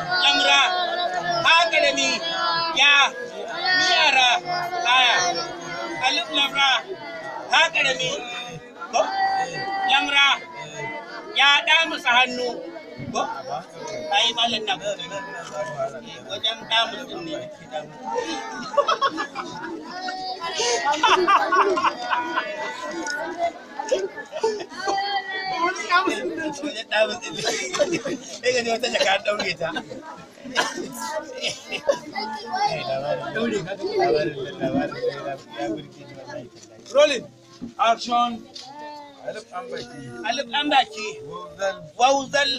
lamra hakalami ya miyara aya alif lamra hakalami lamra ya damusa hannu ko ai nan wajen damusa ne wata ta Rolling. Action. Alif an baki. Wauzal.